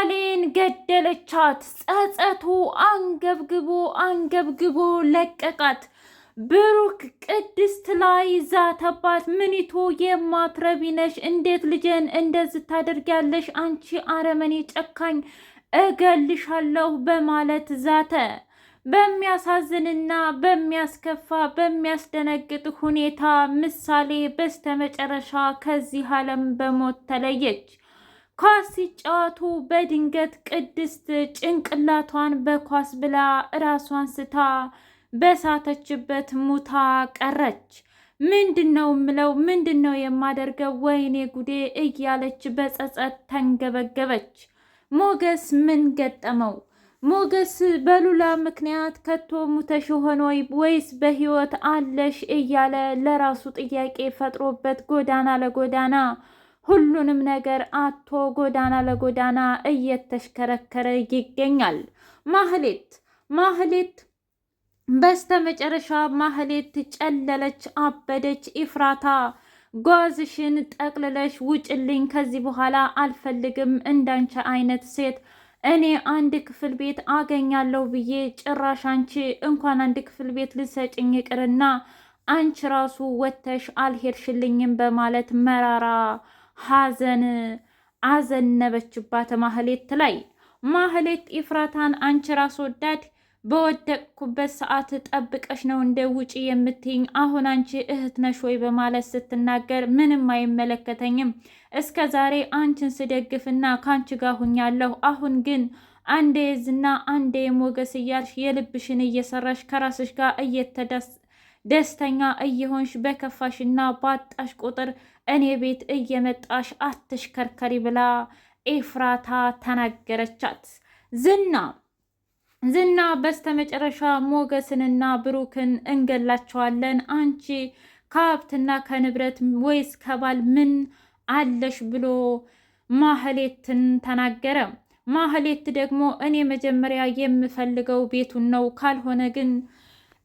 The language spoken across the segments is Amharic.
ምሳሌን ገደለቻት። ጸጸቱ አንገብግቦ አንገብግቦ ለቀቃት። ብሩክ ቅድስት ላይ ዛተባት። ምኒቱ የማትረቢ ነሽ! እንዴት ልጄን እንደዚህ ታደርጊያለሽ? አንቺ አረመኔ ጨካኝ፣ እገልሻለሁ በማለት ዛተ። በሚያሳዝንና በሚያስከፋ በሚያስደነግጥ ሁኔታ ምሳሌ በስተመጨረሻ ከዚህ ዓለም በሞት ተለየች። ኳስ ሲጫወቱ በድንገት ቅድስት ጭንቅላቷን በኳስ ብላ ራሷን ስታ በሳተችበት ሙታ ቀረች። ምንድን ነው ምለው? ምንድን ነው የማደርገው? ወይኔ ጉዴ እያለች በጸጸት ተንገበገበች። ሞገስ ምን ገጠመው? ሞገስ በሉላ ምክንያት ከቶ ሙተሽ ሆኖ ወይስ በህይወት አለሽ እያለ ለራሱ ጥያቄ ፈጥሮበት ጎዳና ለጎዳና ሁሉንም ነገር አቶ ጎዳና ለጎዳና እየተሽከረከረ ይገኛል። ማህሌት ማህሌት በስተመጨረሻ ማህሌት ጨለለች፣ አበደች። ኢፍራታ ጓዝሽን ጠቅልለሽ ውጭልኝ፣ ከዚህ በኋላ አልፈልግም እንዳንቺ አይነት ሴት እኔ አንድ ክፍል ቤት አገኛለሁ ብዬ ጭራሽ አንቺ እንኳን አንድ ክፍል ቤት ልሰጭኝ ይቅርና አንቺ ራሱ ወተሽ አልሄድሽልኝም በማለት መራራ ሐዘን አዘነበችባት ማህሌት ላይ። ማህሌት ኢፍራታን አንቺ ራስ ወዳድ በወደቅኩበት ሰዓት ጠብቀሽ ነው እንደ ውጪ የምትይኝ? አሁን አንቺ እህት ነሽ ወይ በማለት ስትናገር ምንም አይመለከተኝም፣ እስከ ዛሬ አንቺን ስደግፍና ከአንቺ ጋር ሁኛለሁ። አሁን ግን አንዴ ዝና አንዴ ሞገስ እያልሽ የልብሽን እየሰራሽ ከራስሽ ጋር እየተደስ ደስተኛ እየሆንሽ በከፋሽና ባጣሽ ቁጥር እኔ ቤት እየመጣሽ አትሽከርከሪ ብላ ኤፍራታ ተናገረቻት። ዝና ዝና በስተመጨረሻ ሞገስንና ብሩክን እንገላቸዋለን፣ አንቺ ከሀብትና ከንብረት ወይስ ከባል ምን አለሽ ብሎ ማህሌትን ተናገረ። ማህሌት ደግሞ እኔ መጀመሪያ የምፈልገው ቤቱን ነው፣ ካልሆነ ግን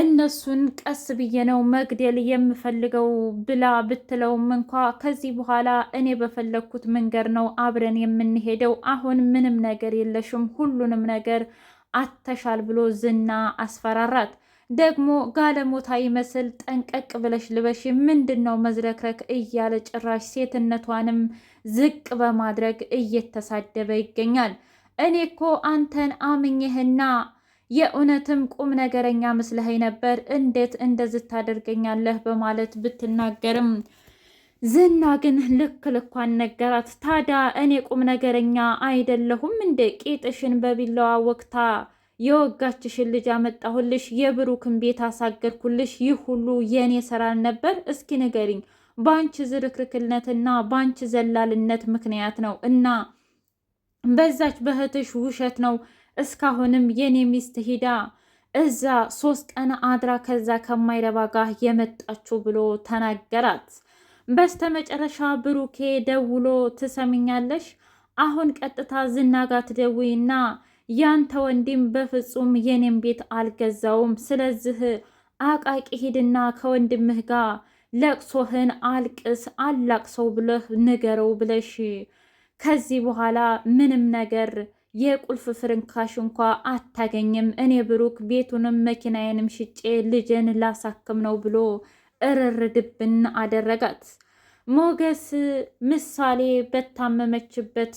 እነሱን ቀስ ብዬ ነው መግደል የምፈልገው ብላ ብትለውም እንኳ ከዚህ በኋላ እኔ በፈለግኩት መንገድ ነው አብረን የምንሄደው፣ አሁን ምንም ነገር የለሽም፣ ሁሉንም ነገር አተሻል ብሎ ዝና አስፈራራት። ደግሞ ጋለሞታ ይመስል ጠንቀቅ ብለሽ ልበሽ፣ ምንድን ነው መዝረክረክ እያለ ጭራሽ ሴትነቷንም ዝቅ በማድረግ እየተሳደበ ይገኛል። እኔ እኮ አንተን አምኜህና የእውነትም ቁም ነገረኛ መስለኸኝ ነበር፣ እንዴት እንደዚህ ታደርገኛለህ? በማለት ብትናገርም ዝና ግን ልክ ልኳን ነገራት። ታዲያ እኔ ቁም ነገረኛ አይደለሁም እንደ ቂጥሽን በቢላዋ ወቅታ የወጋችሽን ልጅ አመጣሁልሽ፣ የብሩክን ቤት አሳገርኩልሽ። ይህ ሁሉ የእኔ ስራል ነበር? እስኪ ንገሪኝ። በአንቺ ዝርክርክነትና በአንቺ ዘላልነት ምክንያት ነው እና በዛች በእህትሽ ውሸት ነው እስካሁንም የኔ ሚስት ሂዳ እዛ ሶስት ቀን አድራ ከዛ ከማይረባ ጋር የመጣችው ብሎ ተናገራት። በስተመጨረሻ ብሩኬ ደውሎ ትሰምኛለሽ፣ አሁን ቀጥታ ዝናጋ ትደውይና ያንተ ወንድም በፍጹም የኔም ቤት አልገዛውም፣ ስለዚህ አቃቂ ሂድና ከወንድምህ ጋር ለቅሶህን አልቅስ አላቅሰው ብለህ ንገረው ብለሽ ከዚህ በኋላ ምንም ነገር የቁልፍ ፍርንካሽ እንኳ አታገኝም። እኔ ብሩክ ቤቱንም መኪናዬንም ሽጬ ልጄን ላሳክም ነው ብሎ እርር ድብን አደረጋት። ሞገስ ምሳሌ በታመመችበት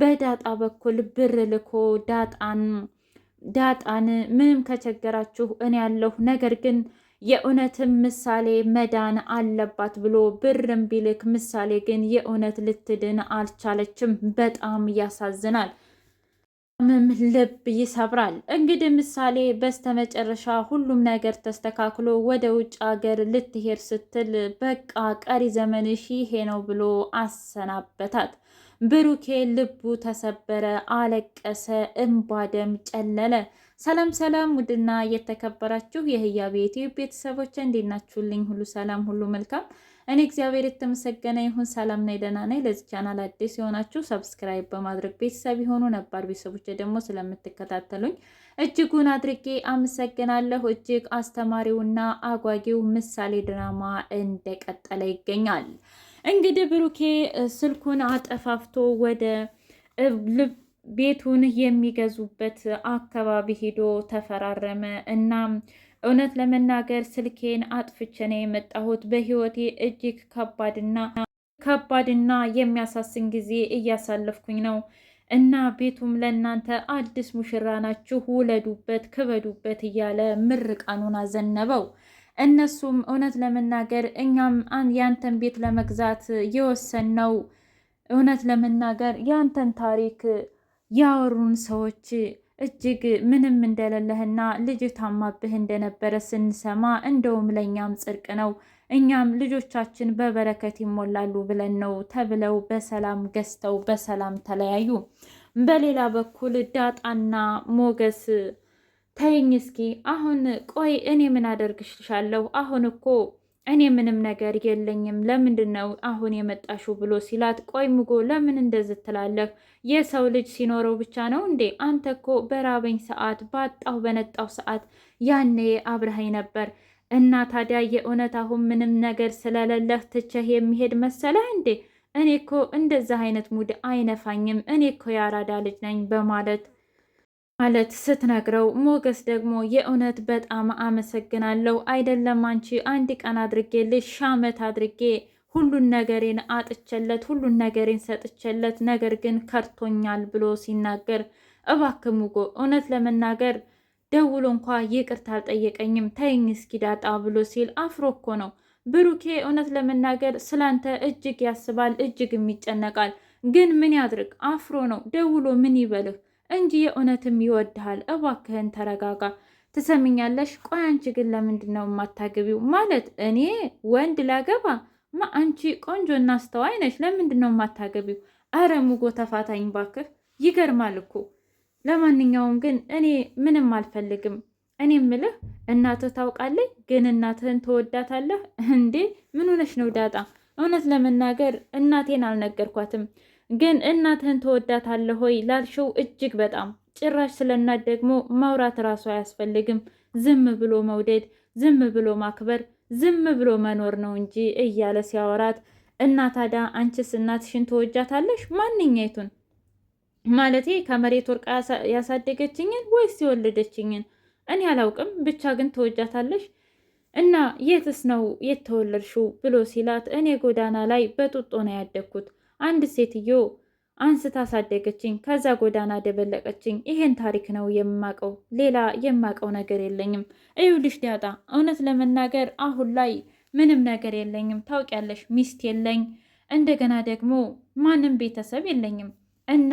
በዳጣ በኩል ብር ልኮ ዳጣን ዳጣን ምንም ከቸገራችሁ እኔ ያለሁ ነገር ግን የእውነትም ምሳሌ መዳን አለባት ብሎ ብርም ቢልክ ምሳሌ ግን የእውነት ልትድን አልቻለችም። በጣም ያሳዝናል። ምም ልብ ይሰብራል። እንግዲህ ምሳሌ በስተመጨረሻ ሁሉም ነገር ተስተካክሎ ወደ ውጭ ሀገር ልትሄድ ስትል በቃ ቀሪ ዘመንሽ ይሄ ነው ብሎ አሰናበታት። ብሩኬ ልቡ ተሰበረ፣ አለቀሰ፣ እምባደም ጨለለ። ሰላም ሰላም! ውድና የተከበራችሁ የህያ ቤቴ ቤተሰቦች እንዴት ናችሁልኝ? ሁሉ ሰላም፣ ሁሉ መልካም እኔ እግዚአብሔር የተመሰገነ ይሁን። ሰላም ነኝ፣ ደህና ነኝ። ለዚህ ቻናል አዲስ የሆናችሁ ሰብስክራይብ በማድረግ ቤተሰብ የሆኑ ነባር ቤተሰቦች ደግሞ ስለምትከታተሉኝ እጅጉን አድርጌ አመሰግናለሁ። እጅግ አስተማሪውና አጓጊው ምሳሌ ድራማ እንደቀጠለ ይገኛል። እንግዲህ ብሩኬ ስልኩን አጠፋፍቶ ወደ ቤቱን የሚገዙበት አካባቢ ሄዶ ተፈራረመ። እና እውነት ለመናገር ስልኬን አጥፍቼ ነው የመጣሁት። በህይወቴ እጅግ ከባድና ከባድና የሚያሳስን ጊዜ እያሳለፍኩኝ ነው እና ቤቱም ለእናንተ አዲስ ሙሽራ ናችሁ፣ ውለዱበት፣ ክበዱበት እያለ ምርቃኑን አዘነበው። እነሱም እውነት ለመናገር እኛም ያንተን ቤት ለመግዛት የወሰን ነው። እውነት ለመናገር ያንተን ታሪክ ያወሩን ሰዎች እጅግ ምንም እንደሌለህና ልጅ ታማብህ እንደነበረ ስንሰማ እንደውም ለእኛም ጽድቅ ነው እኛም ልጆቻችን በበረከት ይሞላሉ ብለን ነው ተብለው በሰላም ገዝተው በሰላም ተለያዩ። በሌላ በኩል ዳጣና ሞገስ ተይኝ እስኪ አሁን ቆይ እኔ ምን አደርግልሻለሁ? አሁን እኮ እኔ ምንም ነገር የለኝም ለምንድን ነው አሁን የመጣሽው? ብሎ ሲላት ቆይ ምጎ ለምን እንደዚህ ትላለህ? የሰው ልጅ ሲኖረው ብቻ ነው እንዴ? አንተ እኮ በራበኝ ሰዓት ባጣሁ በነጣሁ ሰዓት ያኔ አብረሃኝ ነበር እና ታዲያ የእውነት አሁን ምንም ነገር ስለሌለህ ትቼህ የሚሄድ መሰለህ እንዴ? እኔ እኮ እንደዚህ አይነት ሙድ አይነፋኝም። እኔ እኮ የአራዳ ልጅ ነኝ በማለት ማለት ስትነግረው ሞገስ ደግሞ የእውነት በጣም አመሰግናለሁ። አይደለም አንቺ አንድ ቀን አድርጌልሽ ሻመት አድርጌ ሁሉን ነገሬን አጥቸለት ሁሉን ነገሬን ሰጥቸለት፣ ነገር ግን ከርቶኛል ብሎ ሲናገር እባክህ ሙጎ እውነት ለመናገር ደውሎ እንኳ ይቅርታ አልጠየቀኝም ተይኝ እስኪ ዳጣ ብሎ ሲል አፍሮ እኮ ነው ብሩኬ። እውነት ለመናገር ስላንተ እጅግ ያስባል እጅግም ይጨነቃል። ግን ምን ያድርግ አፍሮ ነው። ደውሎ ምን ይበልህ እንጂ የእውነትም ይወድሃል። እባክህን ተረጋጋ። ትሰምኛለሽ? ቆይ አንቺ ግን ለምንድን ነው የማታገቢው? ማለት እኔ ወንድ ላገባ ማ አንቺ ቆንጆና አስተዋይ ነሽ፣ ለምንድን ነው የማታገቢው? አረ ሙጎ ተፋታኝ ባክህ። ይገርማል እኮ። ለማንኛውም ግን እኔ ምንም አልፈልግም። እኔ ምልህ እናትህ ታውቃለች፣ ግን እናትህን ትወዳታለህ እንዴ? ምን ሆነሽ ነው ዳጣ? እውነት ለመናገር እናቴን አልነገርኳትም ግን እናትህን ተወዳታለህ ሆይ ላልሽው እጅግ በጣም ጭራሽ ስለ እናት ደግሞ ማውራት ራሱ አያስፈልግም። ዝም ብሎ መውደድ፣ ዝም ብሎ ማክበር፣ ዝም ብሎ መኖር ነው እንጂ እያለ ሲያወራት እና ታዲያ አንቺስ እናትሽን ተወጃታለሽ? ማንኛይቱን ማለቴ ከመሬት ወርቃ ያሳደገችኝን ወይስ የወለደችኝን? እኔ አላውቅም፣ ብቻ ግን ተወጃታለሽ እና የትስ ነው የተወለድሽው ብሎ ሲላት፣ እኔ ጎዳና ላይ በጡጦ ነው ያደግኩት አንድ ሴትዮ አንስታ አሳደገችኝ፣ ከዛ ጎዳና ደበለቀችኝ። ይሄን ታሪክ ነው የማቀው፣ ሌላ የማቀው ነገር የለኝም። እዩልሽ ዲያጣ፣ እውነት ለመናገር አሁን ላይ ምንም ነገር የለኝም። ታውቂያለሽ፣ ሚስት የለኝ፣ እንደገና ደግሞ ማንም ቤተሰብ የለኝም እና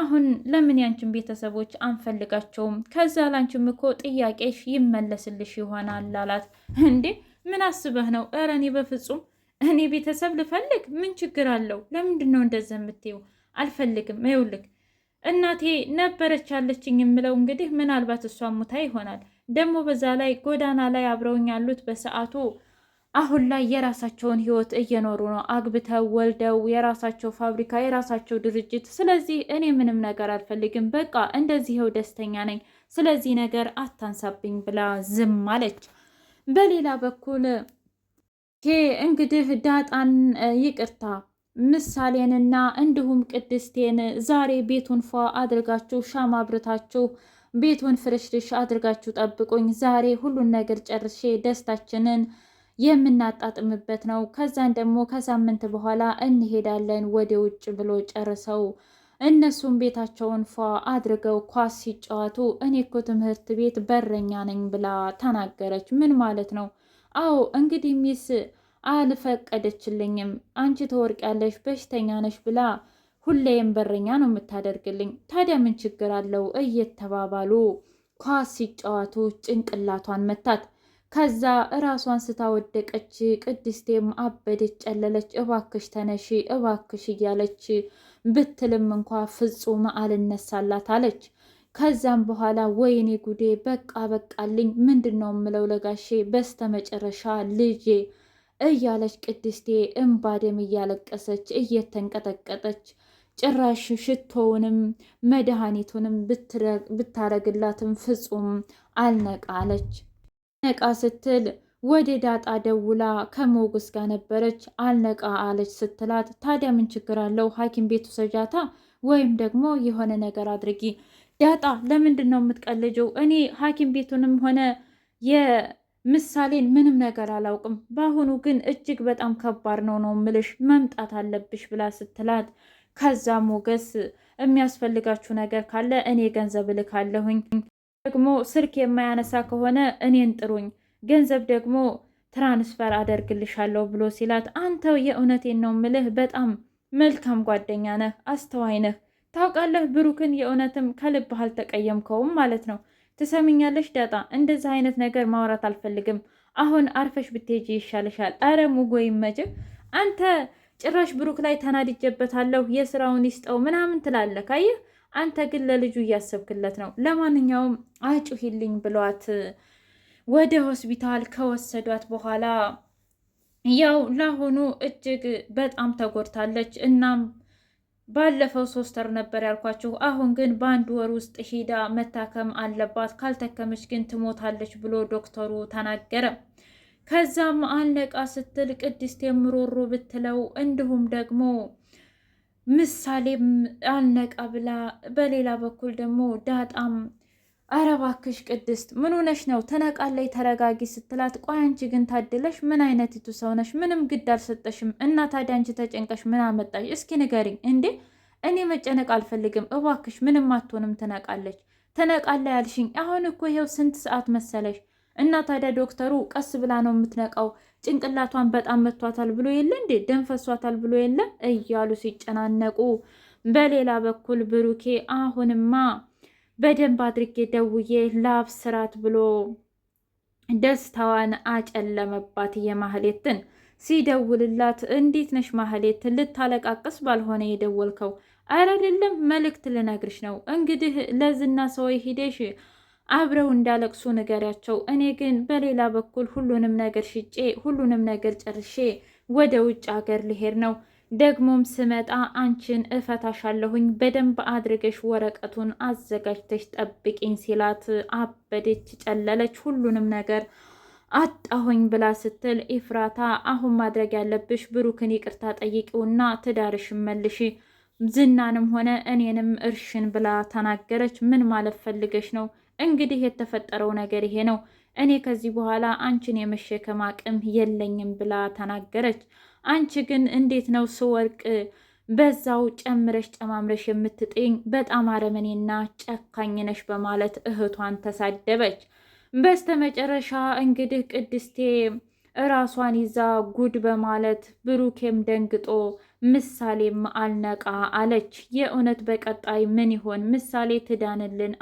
አሁን ለምን ያንችን ቤተሰቦች አንፈልጋቸውም? ከዛ ላንችም እኮ ጥያቄሽ ይመለስልሽ ይሆናል አላት። እንዴ ምን አስበህ ነው? እረ እኔ በፍጹም እኔ ቤተሰብ ልፈልግ ምን ችግር አለው? ለምንድን ነው እንደዚ የምትይው? አልፈልግም። ይኸውልህ እናቴ ነበረች ያለችኝ የምለው እንግዲህ ምናልባት እሷ ሙታ ይሆናል። ደግሞ በዛ ላይ ጎዳና ላይ አብረውኝ ያሉት በሰዓቱ አሁን ላይ የራሳቸውን ህይወት እየኖሩ ነው። አግብተው ወልደው የራሳቸው ፋብሪካ፣ የራሳቸው ድርጅት። ስለዚህ እኔ ምንም ነገር አልፈልግም። በቃ እንደዚህው ደስተኛ ነኝ። ስለዚህ ነገር አታንሳብኝ ብላ ዝም አለች። በሌላ በኩል ይሄ እንግዲህ ዳጣን ይቅርታ ምሳሌንና እንዲሁም ቅድስቴን ዛሬ ቤቱን ፏ አድርጋችሁ ሻማ አብርታችሁ ቤቱን ፍርሽርሽ አድርጋችሁ ጠብቁኝ። ዛሬ ሁሉን ነገር ጨርሼ ደስታችንን የምናጣጥምበት ነው። ከዛን ደግሞ ከሳምንት በኋላ እንሄዳለን ወደ ውጭ ብሎ ጨርሰው እነሱም ቤታቸውን ፏ አድርገው ኳስ ሲጫወቱ እኔ እኮ ትምህርት ቤት በረኛ ነኝ ብላ ተናገረች። ምን ማለት ነው? አዎ እንግዲህ ሚስ አልፈቀደችልኝም። አንቺ ትወርቂያለሽ፣ በሽተኛ ነሽ ብላ ሁሌም በረኛ ነው የምታደርግልኝ። ታዲያ ምን ችግር አለው? እየተባባሉ ኳስ ሲጫወቱ ጭንቅላቷን መታት። ከዛ እራሷን ስታወደቀች፣ ቅድስቴም አበደች፣ ጨለለች። እባክሽ ተነሺ፣ እባክሽ እያለች ብትልም እንኳ ፍጹም አልነሳላት አለች። ከዛም በኋላ ወይኔ ጉዴ በቃ በቃልኝ፣ ምንድን ነው የምለው ለጋሼ በስተመጨረሻ ልጄ እያለች ቅድስቴ እምባደም እያለቀሰች እየተንቀጠቀጠች ጭራሽ ሽቶውንም መድኃኒቱንም ብታረግላትም ፍጹም አልነቃለች። ነቃ ስትል ወደ ዳጣ ደውላ ከሞጉስ ጋር ነበረች። አልነቃ አለች ስትላት ታዲያ ምን ችግር አለው ሐኪም ቤቱ ሰጃታ ወይም ደግሞ የሆነ ነገር አድርጊ ዳጣ ለምንድን ነው የምትቀልጀው? እኔ ሐኪም ቤቱንም ሆነ የምሳሌን ምንም ነገር አላውቅም። በአሁኑ ግን እጅግ በጣም ከባድ ነው ነው ምልሽ መምጣት አለብሽ ብላ ስትላት፣ ከዛ ሞገስ የሚያስፈልጋችሁ ነገር ካለ እኔ ገንዘብ እልካለሁኝ፣ ደግሞ ስልክ የማያነሳ ከሆነ እኔን ጥሩኝ፣ ገንዘብ ደግሞ ትራንስፈር አደርግልሻለሁ ብሎ ሲላት፣ አንተው የእውነቴን ነው ምልህ በጣም መልካም ጓደኛ ነህ፣ አስተዋይ ነህ ታውቃለህ ብሩክን የእውነትም ከልብህ አልተቀየምከውም ማለት ነው። ትሰምኛለሽ ዳጣ፣ እንደዚህ አይነት ነገር ማውራት አልፈልግም። አሁን አርፈሽ ብትሄጂ ይሻልሻል። አረ ሙጎ ይመችህ አንተ። ጭራሽ ብሩክ ላይ ተናድጀበታለሁ የስራውን ይስጠው ምናምን ትላለህ። ካየህ አንተ ግን ለልጁ እያሰብክለት ነው። ለማንኛውም አጩሂልኝ ብሏት ወደ ሆስፒታል ከወሰዷት በኋላ ያው ለአሁኑ እጅግ በጣም ተጎድታለች። እናም ባለፈው ሶስት ወር ነበር ያልኳችሁ። አሁን ግን በአንድ ወር ውስጥ ሄዳ መታከም አለባት፣ ካልተከመች ግን ትሞታለች ብሎ ዶክተሩ ተናገረ። ከዛም አለቃ ስትል ቅድስት የምሮሮ ብትለው እንዲሁም ደግሞ ምሳሌም አልነቃ ብላ፣ በሌላ በኩል ደግሞ ዳጣም አረ እባክሽ ቅድስት ምን ሆነሽ ነው? ተነቃላይ ተረጋጊ ስትላት፣ ቆይ አንቺ ግን ታድለሽ ምን አይነት ቱ ሰው ነሽ? ምንም ግድ አልሰጠሽም። እና ታዲያ አንቺ ተጨንቀሽ ምን አመጣሽ? እስኪ ንገሪኝ። እንዴ እኔ መጨነቅ አልፈልግም እባክሽ፣ ምንም አትሆንም። ትነቃለች። ተነቃላይ አልሽኝ? አሁን እኮ ይኸው ስንት ሰዓት መሰለሽ? እና ታዲያ ዶክተሩ ቀስ ብላ ነው የምትነቃው፣ ጭንቅላቷን በጣም መቷታል ብሎ የለ እንዴ ደም ፈሷታል ብሎ የለ እያሉ ሲጨናነቁ፣ በሌላ በኩል ብሩኬ አሁንማ በደንብ አድርጌ ደውዬ ስራት ብሎ ደስታዋን አጨለመባት። የማህሌትን ሲደውልላት እንዴት ነሽ ማህሌት፣ ልታለቃቅስ ባልሆነ የደወልከው? አረ አይደለም መልእክት ልነግርሽ ነው። እንግዲህ ለዝና ሰው ሂደሽ አብረው እንዳለቅሱ ንገሪያቸው። እኔ ግን በሌላ በኩል ሁሉንም ነገር ሽጬ ሁሉንም ነገር ጨርሼ ወደ ውጭ ሀገር ልሄድ ነው ደግሞም ስመጣ አንቺን እፈታሻለሁኝ በደንብ አድርገሽ ወረቀቱን አዘጋጅተሽ ጠብቂኝ ሲላት አበደች፣ ጨለለች፣ ሁሉንም ነገር አጣሁኝ ብላ ስትል ኢፍራታ አሁን ማድረግ ያለብሽ ብሩክን ይቅርታ ጠይቂውና ትዳርሽን መልሺ ዝናንም ሆነ እኔንም እርሽን ብላ ተናገረች። ምን ማለት ፈልገሽ ነው? እንግዲህ የተፈጠረው ነገር ይሄ ነው። እኔ ከዚህ በኋላ አንቺን የመሸከም አቅም የለኝም ብላ ተናገረች። አንቺ ግን እንዴት ነው ስወርቅ በዛው ጨምረሽ ጨማምረሽ የምትጥኝ በጣም አረመኔና ጨካኝ ነሽ በማለት እህቷን ተሳደበች። በስተመጨረሻ እንግዲህ ቅድስቴ እራሷን ይዛ ጉድ በማለት ብሩኬም ደንግጦ ምሳሌም አልነቃ አለች። የእውነት በቀጣይ ምን ይሆን ምሳሌ ትዳንልን?